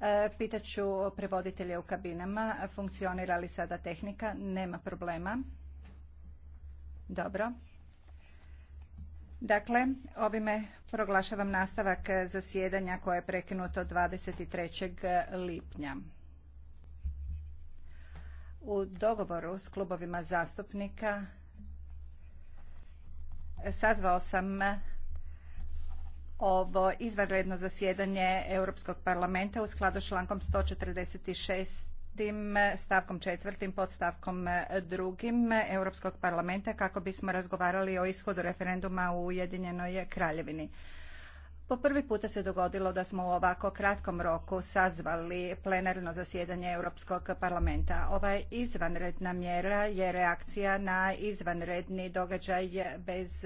E, Pitaću prevoditelje u kabinama, funkcionira li sada tehnika? Nema problema. Dobro. Dakle, ovime proglašavam nastavak zasjedanja koje je prekinuto 23. lipnja. U dogovoru s klubovima zastupnika sazvao sam ovo izvanredno zasjedanje Europskog parlamenta u skladu s člankom 146 stavkom četvrtim pod stavkom drugim Europskog parlamenta kako bismo razgovarali o ishodu referenduma u Ujedinjenoj kraljevini. Po prvi puta se dogodilo da smo u ovako kratkom roku sazvali plenarno zasjedanje Europskog parlamenta. Ova izvanredna mjera je reakcija na izvanredni događaj bez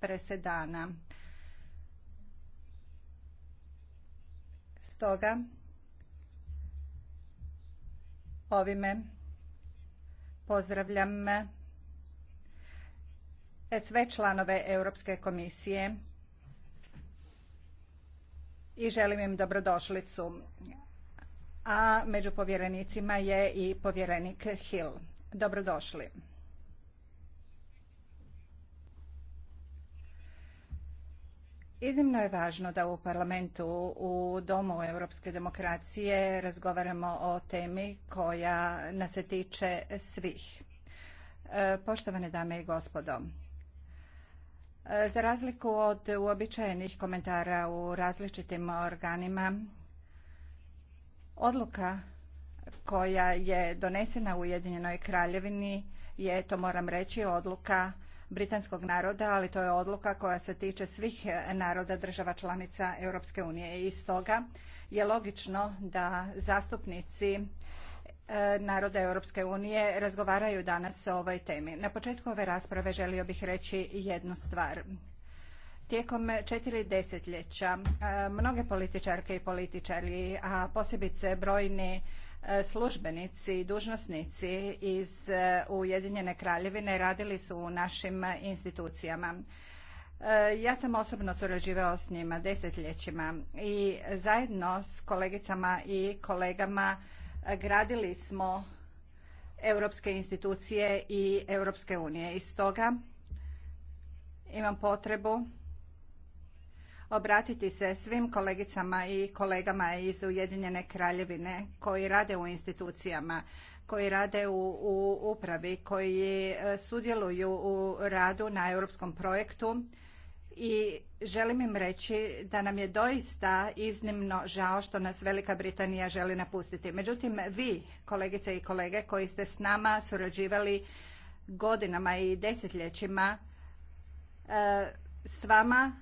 presedana. toga ovime pozdravljam e, sve članove Europske komisije i želim im dobrodošlicu. A među povjerenicima je i povjerenik Hill. Dobrodošli. Iznimno je važno da u parlamentu, u Domu europske demokracije razgovaramo o temi koja nas se tiče svih. E, poštovane dame i gospodo, e, za razliku od uobičajenih komentara u različitim organima, odluka koja je donesena u Ujedinjenoj kraljevini je, to moram reći, odluka britanskog naroda, ali to je odluka koja se tiče svih e, naroda država članica Europske unije. I stoga je logično da zastupnici e, naroda Europske unije razgovaraju danas o ovoj temi. Na početku ove rasprave želio bih reći jednu stvar. Tijekom četiri desetljeća e, mnoge političarke i političari, a posebice brojni e, službenici i dužnosnici iz e, Ujedinjene kraljevine radili su u našim institucijama. Ja sam osobno surađivao s njima desetljećima i zajedno s kolegicama i kolegama gradili smo europske institucije i Europske unije. I stoga imam potrebu obratiti se svim kolegicama i kolegama iz Ujedinjene kraljevine koji rade u institucijama, koji rade u, upravi, koji e, sudjeluju u radu na europskom projektu i želim im reći da nam je doista iznimno žao što nas Velika Britanija želi napustiti. Međutim, vi, kolegice i kolege, koji ste s nama surađivali godinama i desetljećima, e, s vama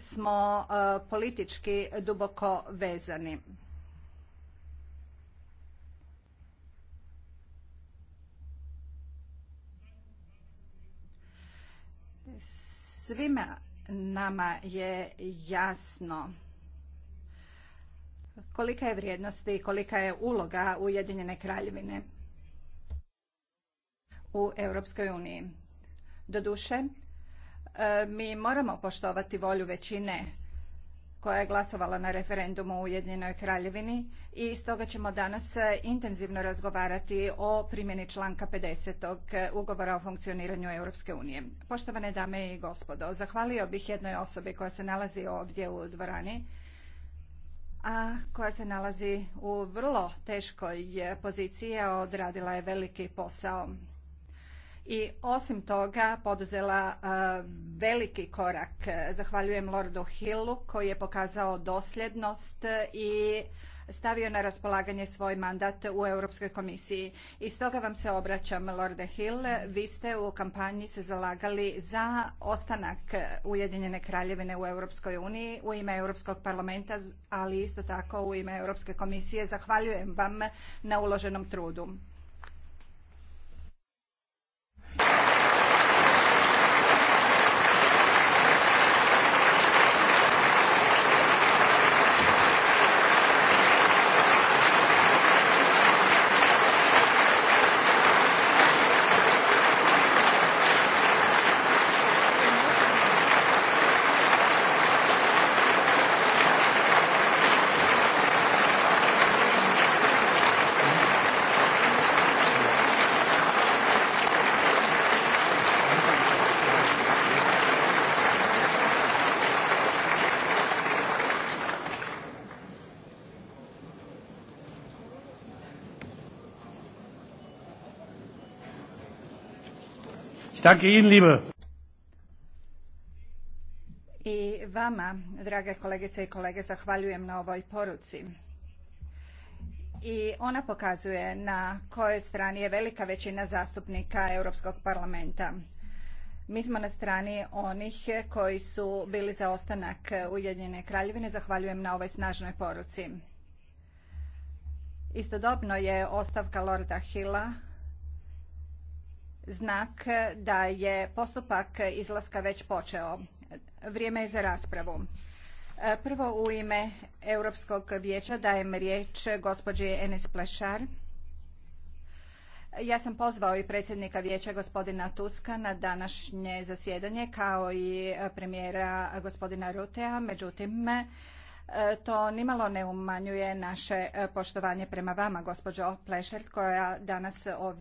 smo e, politički duboko vezani. Svima nama je jasno kolika je vrijednost i kolika je uloga Ujedinjene kraljevine u Europskoj uniji. Doduše, E, mi moramo poštovati volju većine koja je glasovala na referendumu u Ujedinjenoj Kraljevini i stoga ćemo danas e, intenzivno razgovarati o primjeni članka 50. E, ugovora o funkcioniranju Europske unije. Poštovane dame i gospodo, zahvalio bih jednoj osobi koja se nalazi ovdje u dvorani, a koja se nalazi u vrlo teškoj poziciji, a odradila je veliki posao i osim toga poduzela veliki korak. Zahvaljujem Lordu Hillu koji je pokazao dosljednost i stavio na raspolaganje svoj mandat u Europskoj komisiji. I stoga vam se obraćam, Lorde Hill. Vi ste u kampanji se zalagali za ostanak Ujedinjene kraljevine u Europskoj uniji u ime Europskog parlamenta, ali isto tako u ime Europske komisije. Zahvaljujem vam na uloženom trudu. Ich danke liebe. I vama, drage kolegice i kolege, zahvaljujem na ovoj poruci. I ona pokazuje na kojoj strani je velika većina zastupnika Europskog parlamenta. Mi smo na strani onih koji su bili za ostanak Ujedinjene kraljevine. Zahvaljujem na ovoj snažnoj poruci. Istodobno je ostavka Lorda Hilla znak da je postupak izlaska već počeo. Vrijeme je za raspravu. Prvo u ime Europskog vijeća dajem riječ gospođi Enes Plešar. Ja sam pozvao i predsjednika vijeća gospodina Tuska na današnje zasjedanje kao i premijera gospodina Rutea, međutim to nimalo ne umanjuje naše poštovanje prema vama gospođo Plešar koja danas ovdje